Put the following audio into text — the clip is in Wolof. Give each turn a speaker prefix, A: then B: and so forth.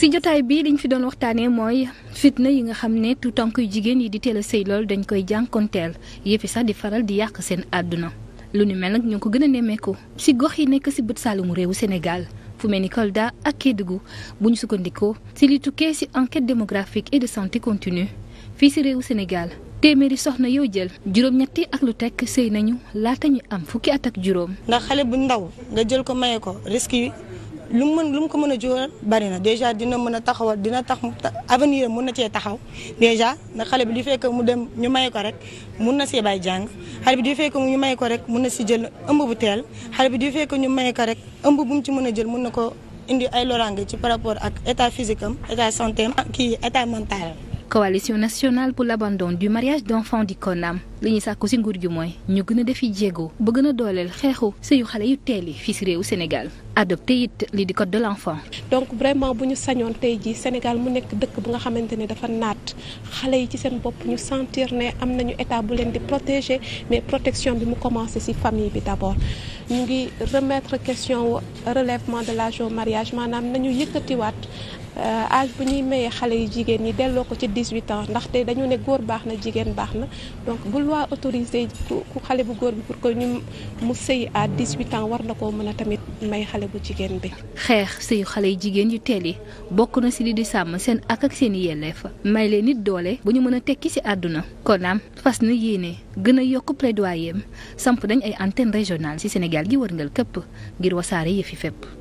A: si jotaay bi liñ fi doon waxtaanee mooy fitna yi nga xam ne tout tànk yu jigéen yi di teel a sëy lool dañ koy jànkonteel yëpp sax di faral di yàq seen àdduna lu ni mel nag ñoo ko gën a nemmeeku si gox yi nekk si bët saalumu réewu Sénégal fu mel ni Kolda ak Kédougou bu ñu sukkandikoo si li tukkee si enquête démographique et de santé continue fii si réewu Sénégal téeméeri soxna yow jël juróom-ñetti ak lu tekk sëy nañu laata ñu am fukki at ak juróom.
B: bu ndaw jël ko maye ko lu mën lu ko mën a jural bari na dèjà dina mën a taxawal dina tax avenir mën na cee taxaw dèjà na xale bi du fekke mu dem ñu may ko rek mun na see bàyyi jàng xale bi du fekk ñu may ko rek mun na si jël ëmb bu teel xale bi di fekk ñu may ko rek ëmb bu mu ci mën a jël mun na ko indi ay loraange ci par rapport ak état physique am état santé am kii état mental
A: coalition nationale pour l'abandon du mariage d'enfants di Konam li ñuy sàkku ci nguur gi mooy ñu gën a defi jéego ba gën a dooleel xeexu sëyu xale yu teel yi fii ci réewu Sénégal adopté it li di code de l'enfant
C: donc vraiment bu ñu sañoon tey jii Sénégal mu nekk dëkk bu nga xamante ni dafa naat xale yi ci seen bopp ñu sentir ne am nañu état bu leen di protéger mais protection bi mu commencé ci famille bi d'abord ñu ngi remettre question relèvement de l'âge au mariage maanaam nañu yëkkatiwaat Euh, âge bu ñuy mayee xale yu jigéen ñi delloo ko ci 18 ans ndaxte dañu ne góor baax na jigéen baax na donc bu waa autorisé ku xale bu góor bi pour que ñu mu sëy à 18 ans war na koo mën a tamit may xale bu jigéen bi.
A: xeex sëyu xale yu jigéen yu teel yi bokk na si li di sàmm seen ak ak seen i yelleef may leen nit doole bu ñu mën a tekki si àdduna. kon naam fas na yéene gën a yokk plaidoyer am samp dañ ay antenne régionale ci Sénégal gi wërngal këpp ngir wasaare yëfi fépp.